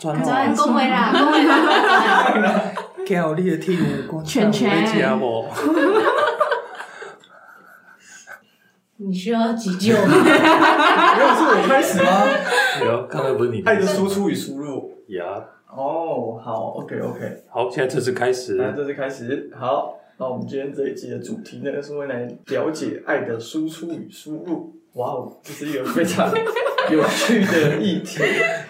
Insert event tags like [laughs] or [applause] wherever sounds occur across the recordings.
轉了，了，恭維啦，恭維啦，恭維啦！叫你的天，我講你你需要急救嗎？ [laughs] 沒有，是我開始嗎？有，剛才不是你？愛的輸出與輸入，有、 [laughs] yeah. oh,。哦，好，OK，OK。好，現在正式開始。來正式開始，好。那我們今天這一集的主題呢，是為了了解愛的輸出與輸入。哇哦，這是一個非常有趣的議題。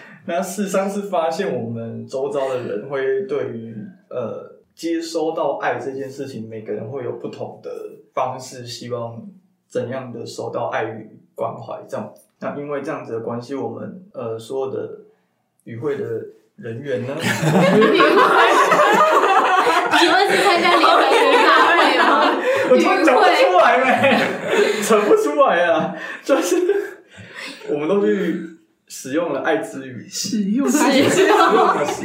[laughs] [laughs] 那事實上是發現我們周遭的人會對於呃接收到愛這件事情，每個人會有不同的方式，希望怎樣的收到愛與關懷。這樣，那因為這樣子的關係，我們呃所有的與會的人員呢？與 [laughs] 會愉快， [laughs] 請問是參加李玟與馬瑞嗎？ [laughs] 我怎麼講不出來嘞？講不出來啊，就是我們都去。嗯使用了愛之語，使用了使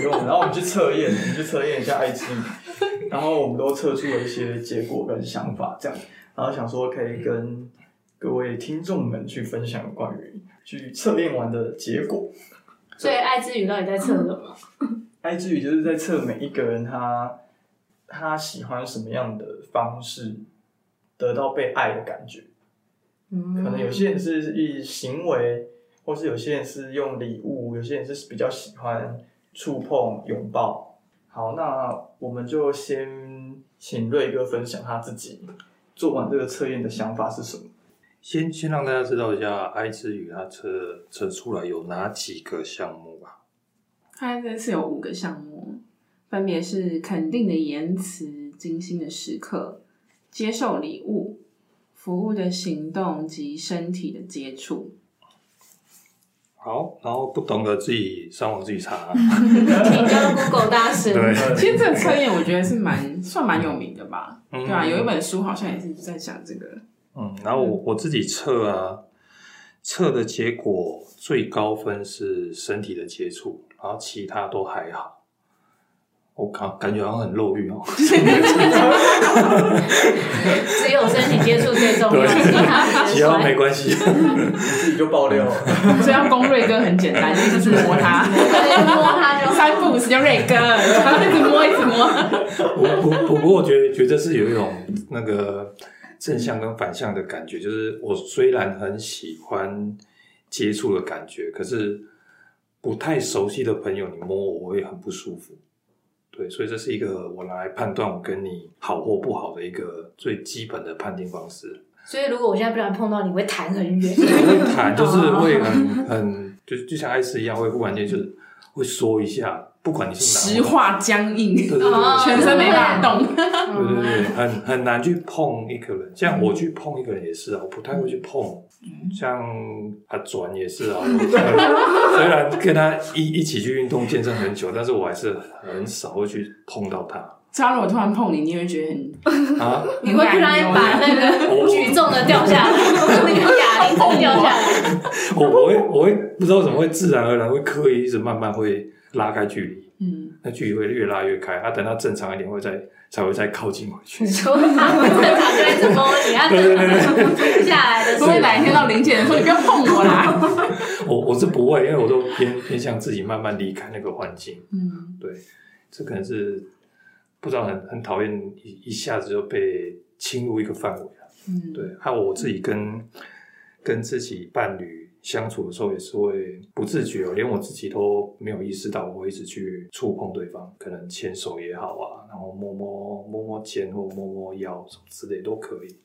用它， [laughs] 然後我們去測驗， [laughs] 我們去測驗一下愛之語，然後我們都測出了一些結果跟想法，這樣。然後想說可以跟各位聽眾們去分享關於去測驗完的結果。所以愛之語到底在測什麼？愛 [laughs] 之語就是在測每一個人他他喜歡什麼樣的方式得到被愛的感覺。嗯，可能有些人是以行為。或是有些人是用禮物，有些人是比較喜歡觸碰、擁抱。好，那我們就先請瑞哥分享他自己做完這個測驗的想法是什麼。先先讓大家知道一下，愛之語它測測出來有哪幾個項目吧、啊。它這次有五個項目，分別是肯定的言辭、精心的時刻、接受禮物、服務的行動及身體的接觸。好，然後不懂得自己上網自己查，請 [laughs] 教 Google 大師。其實這個測驗我覺得是蠻算蠻有名的吧，嗯、對吧、啊？有一本書好像也是在講這個。嗯，然後我我自己測啊，測的結果最高分是身體的接觸，然後其他都還好。我感感覺好像很肉欲哦， [laughs] [laughs] 只有身體接觸最重要，其他其他沒關係， [laughs] 對笑你自己就爆料。所以要攻瑞哥很簡單， [laughs] 你就是摸 [laughs] 他，摸他就 [laughs] 三不五時就瑞哥，然後一直摸一直摸不。不不不過我覺得覺得是有一種那個正向跟反向的感覺，就是我雖然很喜歡接觸的感覺，可是不太熟悉的朋友你摸我，我也很不舒服。對，所以這是一個我來判斷我跟你好或不好的一個最基本的判定方式。所以，如果我現在不小心碰到你，我會彈很遠， [laughs] 我會彈就是會很 [laughs] 很，很，就是就像 S 一樣，我會忽然間就是。會說一下，不管你是哪石化僵硬，對對對，全身沒辦法動，對對對，很很難去碰一個人、嗯。像我去碰一個人也是啊，我不太會去碰。嗯、像阿轉也是啊、嗯，雖然跟他一一起去運動健身很久，但是我還是很少會去碰到他。假如我突然碰你，你會覺得很……啊！你會突然把那個舉重的掉下來，那個啞鈴掉下來。我我，我會我會不知道怎麼會自然而然會刻意一直慢慢會拉開距離。嗯，那距離會越拉越開，啊，等到正常一點會再才會再靠近回去。就、嗯、啊，我正在一直摸你啊，對，對對對，下來的，所以哪一天到臨界點的時候你不要碰我啦。我我是不會，因為我都偏偏向自己慢慢離開那個環境。嗯，對，這可能是。不知道很，很討厭一一下子就被侵入一個範圍了，嗯，對。還有我自己跟跟自己伴侶相處的時候，也是會不自覺，連我自己都沒有意識到，我會一直去觸碰對方，可能牽手也好啊，然後摸摸摸摸肩或摸摸腰什麼之類都可以。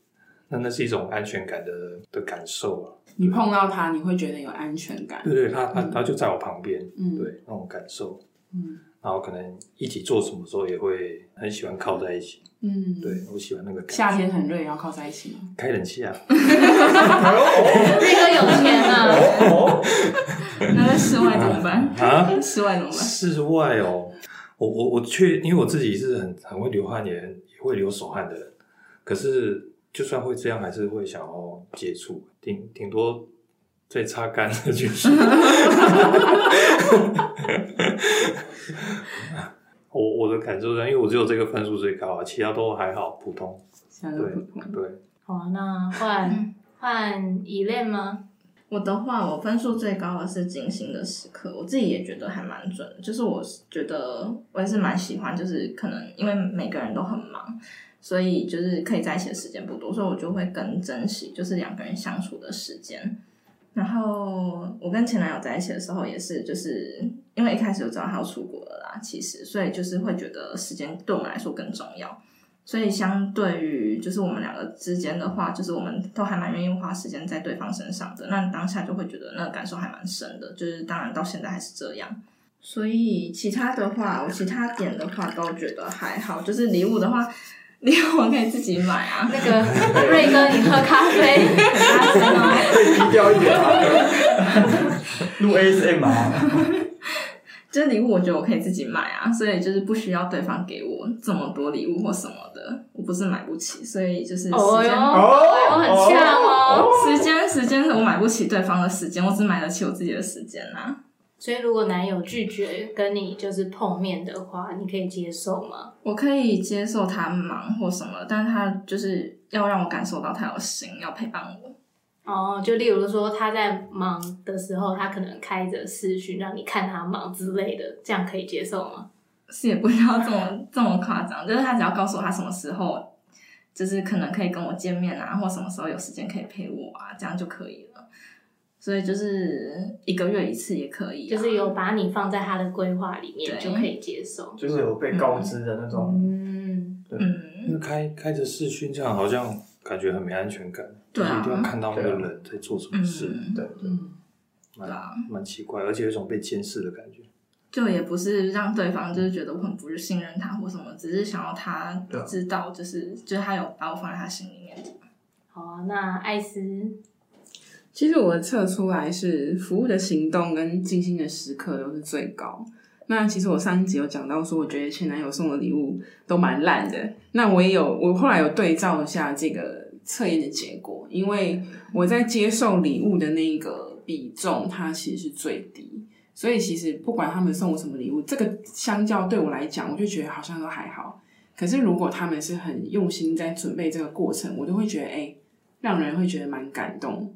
那那是一種安全感的的感受啊。你碰到他，你會覺得有安全感。對對，對，他他他就在我旁邊，嗯，對，那種感受，嗯。然後可能一起做什麼時候，也會很喜歡靠在一起。嗯，對，我喜歡那個。夏天很熱，也要靠在一起嗎？開冷氣啊。那 [laughs] 個 [laughs] [laughs] 有錢啊。 [laughs] [laughs] [laughs] 那在室外怎麼辦？啊？室外怎麼辦？啊、室外哦，我我我卻，因為我自己是很很會流汗的人，也會流手汗的人。可是就算會這樣，還是會想要接觸，頂頂多。最擦乾的就是 [laughs] [laughs] 我我的感受是因為我只有這個分數最高啊，其他都還好，普通。普通對對。好、啊，那換換依戀嗎？ [laughs] 我的話，我分數最高的是《精心的時刻》，我自己也覺得還蠻準。就是我覺得我還是蠻喜歡，就是可能因為每個人都很忙，所以就是可以在一起的時間不多，所以我就會更珍惜，就是兩個人相處的時間。然後我跟前男友在一起的時候，也是就是因為一開始就知道他要出國了啦，其實，所以就是會覺得時間對我們來說更重要。所以相對於就是我們兩個之間的話，就是我們都還蠻願意花時間在對方身上的，那當下就會覺得那個感受還蠻深的，就是當然到現在還是這樣。所以其他的話，我其他點的話都覺得還好，就是禮物的話。禮物我可以自己買啊， [laughs] 那個瑞哥，你喝咖啡，阿信哦，可以低調一點啊，錄 [laughs] A [laughs] S M 啊，這禮物我覺得我可以自己買啊，所以就是不需要對方給我這麼多禮物或什麼的，我不是買不起，所以就是時間、哎哎，我很像哦、喔哎，時間，時間是我買不起對方的時間，我只買得起我自己的時間吶、啊。所以，如果男友拒絕跟你就是碰面的話，你可以接受嗎？我可以接受他忙或什麼，但他就是要讓我感受到他有心要陪伴我。哦，就例如說他在忙的時候，他可能開着視訊讓你看他忙之類的，這樣可以接受嗎？是也不是要這麼 [laughs] 這麼誇張，就是他只要告訴我他什麼時候，就是可能可以跟我見面啊，或什麼時候有時間可以陪我啊，這樣就可以了。所以就是一個月一次也可以，就是有把你放在他的規劃裡面就可以接受，就是有被告知的那種。嗯，對。嗯，因為開開着視訊這樣好像感覺很沒安全感，對啊，就一定要看到那個人在做什麼事，對，對對蠻，對啊，蠻奇怪，而且有一種被監視的感覺。就也不是讓對方就是覺得我很不信任他或什麼，只是想要他知道，就是就是他有把我放在他心裡面。好啊，那艾斯。其實我測出來是服務的行動跟精心的時刻都是最高。那其實我上一集有講到說，我覺得前男友送的禮物都蠻爛的。那我也有，我後來有對照一下這個測驗的結果，因為我在接受禮物的那個比重，它其實是最低。所以其實不管他們送我什麼禮物，這個相較對我來講，我就覺得好像都還好。可是如果他們是很用心在準備這個過程，我就會覺得，誒，欸，讓人會覺得蠻感動。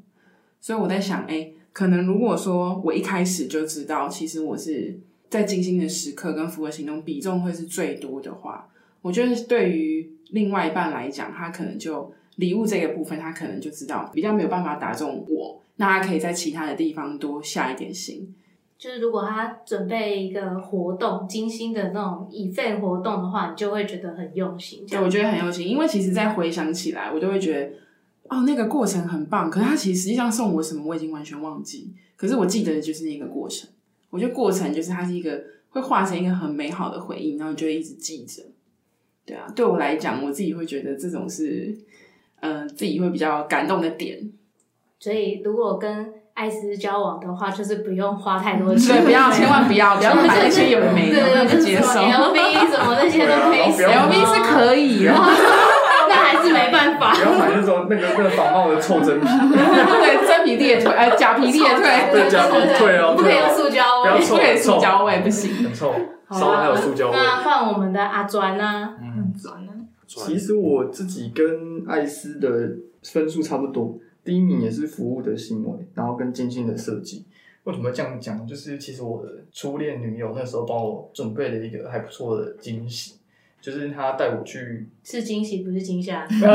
所以我在想，哎，可能如果說我一開始就知道，其實我是在精心的時刻跟服務行動比重會是最多的話，我覺得對於另外一半來講，他可能就禮物這個部分，他可能就知道比較沒有辦法打中我，那他可以在其他的地方多下一點心。就是如果他準備一個活動，精心的那種以費活動的話，你就會覺得很用心。對，我覺得很用心，因為其實在回想起來，我就會覺得。哦，那個過程很棒，可是他其實實際上送我什麼我已經完全忘記，可是我記得的就是那個過程。我覺得過程就是它是一個會化成一個很美好的回憶，然後你就一直記着。對啊，對我來講，我自己會覺得這種是，呃，自己會比較感動的點。所以，如果跟艾斯交往的話，就是不用花太多錢， [laughs] 對，不要，千萬不要， [laughs] 不要買那些有的沒的，不要去接受，LV、就是、什麼那 [laughs] 些都可以，LV、啊、是可以哦。 [laughs] [laughs] 還是沒辦法，不要買那種那個那個仿冒的臭真皮， [laughs] 對，真皮的也退，哎、呃，假皮的也退， [laughs] 對也退。哦、喔、不可以有塑膠味，不要臭，臭，臭，還有塑膠味，膠味膠味。那換我們的阿磚呢、啊？嗯。磚呢？其實我自己跟艾斯的分數差不多，第一名也是服務的行為，然後跟精心的設計。為什麼這樣講？就是其實我的初戀女友那時候幫我準備了一個還不錯的驚喜。就是他帶我去，是驚喜，不是驚嚇。是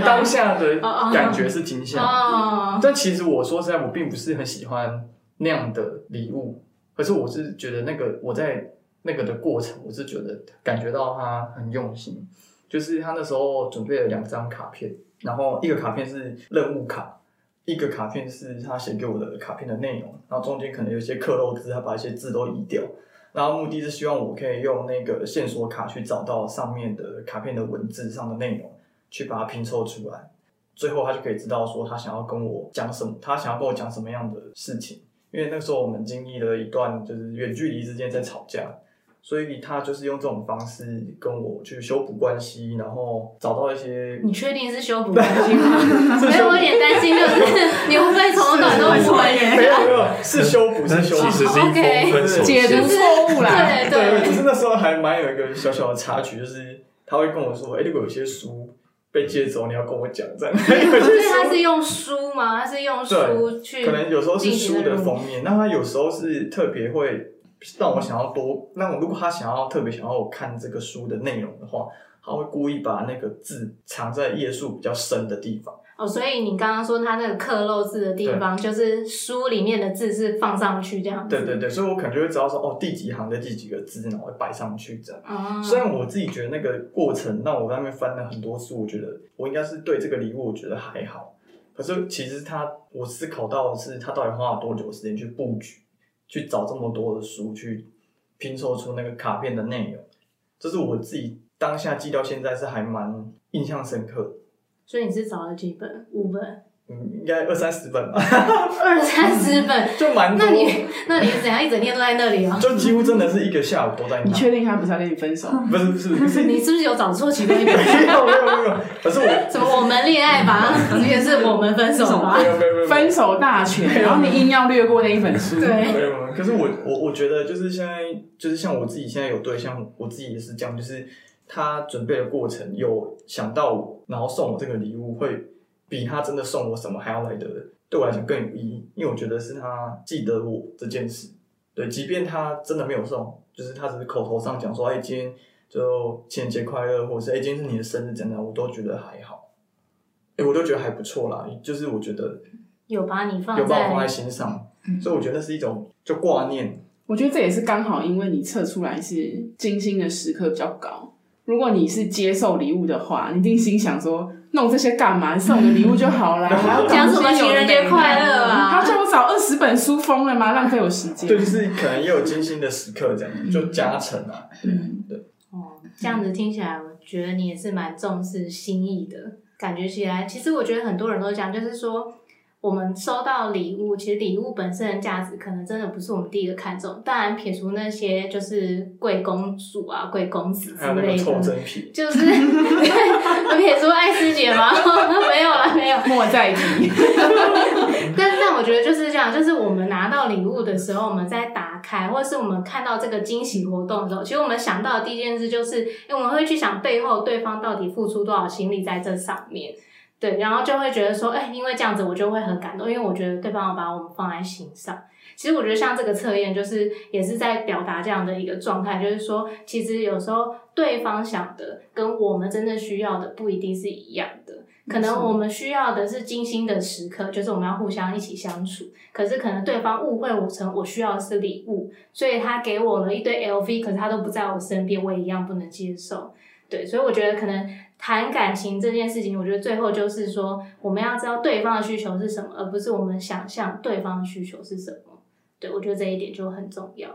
當下的感覺是驚嚇，但其實我說實在，我並不是很喜歡那樣的禮物。可是我是覺得那個我在那個的過程，我是覺得感覺到他很用心。就是他那時候準備了兩張卡片，然後一個卡片是任務卡，一個卡片是他寫給我的卡片的內容。然後中間可能有些刻漏字，他把一些字都移掉。然後目的是希望我可以用那個線索卡去找到上面的卡片的文字上的內容，去把它拼湊出來，最後他就可以知道說他想要跟我講什麼，他想要跟我講什麼樣的事情。因為那時候我們經歷了一段就是遠距離之間在吵架。所以他就是用這種方式跟我去修補關係，然後找到一些。你確定是修補關係嗎？ [laughs] 修補 [laughs] 所以我有點擔心，就是你會不會從短到毀人？沒有,沒有，是修補，是修補、哦 okay。是一同分手，解讀錯誤啦。對對,對。可是那時候還蠻有一個小小的插曲，就是他會跟我說：“誒、欸、如果有些書被借走，你要跟我講。 [laughs] 是”這樣。所以他是用書嗎？他是用書去？可能有時候是書的封面，那他有時候是特別會。讓、嗯、我想要多，那我如果他想要特別想要我看這個書的內容的話，他會故意把那個字藏在頁數比較深的地方。哦，所以你剛剛說他那個刻漏字的地方，就是書裡面的字是放上去這樣子。對對對，所以我可能就會知道說，哦，第幾行的第幾個字，然後擺上去這樣。啊、嗯。雖然我自己覺得那個過程，我在那我那邊翻了很多書，我覺得我應該是對這個禮物，我覺得還好。可是其實他，我思考到的是，他到底花了多久的時間去布局。去找這麼多的書去拼湊出那個卡片的內容，這是我自己當下記到現在是還蠻印象深刻的。所以你是找了幾本？五本。該 2, [laughs] [laughs] 嗯，應該二三十本吧，二三十本就蠻多。那你那你怎樣一整天都在那裡啊？就幾乎真的是一個下午都在。你確定他不是要跟你分手？ [laughs] 不是，不是不，你 [laughs] 你是不是有找錯其中一本？ [laughs] 沒有沒有沒有，可是我什麼我們戀愛吧，也 [laughs] 是我們分手吧 [laughs] 沒？沒有沒有分手大全。然後你硬要略過那一本書， [laughs] 對沒有。沒有，可是我我我覺得就是現在就是像我自己現在有對象，我自己也是這樣，就是他準備的過程有想到我，然後送我這個禮物會。比他真的送我什麼還要來得對我來講更有意義。因為我覺得是他記得我這件事，對，即便他真的沒有送，就是他只是口頭上講說“哎、欸，今天就情人節快樂”或者是“哎、欸，今天是你的生日”，真的，我都覺得還好，哎、欸，我都覺得還不錯啦。就是我覺得有把你放有把我放在心上，所以我覺得那是一種就掛念。 [laughs] 我覺得這也是剛好，因為你測出來是精心的時刻比較高。如果你是接受禮物的話，你一定心想說：弄這些幹嘛？送個禮物就好了。嗯」還要 [laughs] 講什麼情人節快樂啊？他叫我找二十本書瘋了嗎？浪 [laughs] 費我時間。對，就是可能也有精心的時刻，這樣 [laughs] 就加成啊對。嗯，對。哦，這樣子聽起來，我覺得你也是蠻重視心意的。感覺起來，其實我覺得很多人都講，就是說。我們收到禮物，其實禮物本身的價值可能真的不是我們第一個看重。當然，撇除那些就是貴公主啊、貴公子之類的，還有品就是， [laughs] [laughs] 撇除艾斯姐嗎？ [laughs] 沒有了，沒有。莫再提。但 [laughs] [laughs] 但我覺得就是這樣，就是我們拿到禮物的時候，我們在打開，或者是我們看到這個驚喜活動的時候，其實我們想到的第一件事就是，因為我們會去想背後對方到底付出多少心力在這上面。對，然後就會覺得說，哎、欸，因為這樣子，我就會很感動，因為我覺得對方要把我們放在心上。其實我覺得像這個測驗，就是也是在表達這樣的一個狀態，就是說，其實有時候對方想的跟我們真正需要的不一定是一樣的。可能我們需要的是精心的時刻，就是我們要互相一起相處。可是可能對方誤會我成我需要的是禮物，所以他給我了一堆 LV，可是他都不在我身邊，我也一樣不能接受。對，所以我覺得可能談感情這件事情，我覺得最後就是說，我們要知道對方的需求是什麼，而不是我們想象對方的需求是什麼。對，我覺得這一點就很重要。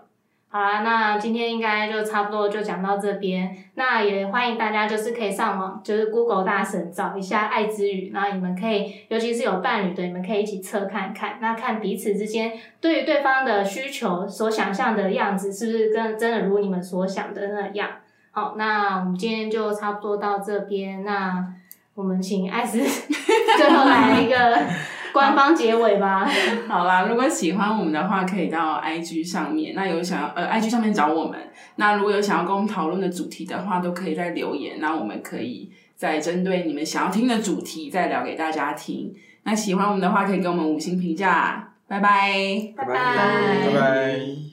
好啦，那今天應該就差不多就講到這邊。那也歡迎大家就是可以上網，就是 Google 大神找一下愛之語，然後你們可以，尤其是有伴侶的，你們可以一起測看看，那看彼此之間對於對方的需求所想象的樣子，是不是跟真的如你們所想的那樣。好，那我們今天就差不多到這邊。那我們請艾斯最後來一個官方結尾吧 [laughs] 好。好啦，如果喜歡我們的話，可以到 IG 上面。那有想要呃 IG 上面找我們。那如果有想要跟我們討論的主題的話，都可以在留言，那我們可以再針對你們想要聽的主題再聊給大家聽。那喜歡我們的話，可以給我們五星評價。拜拜，拜拜，拜拜。拜拜。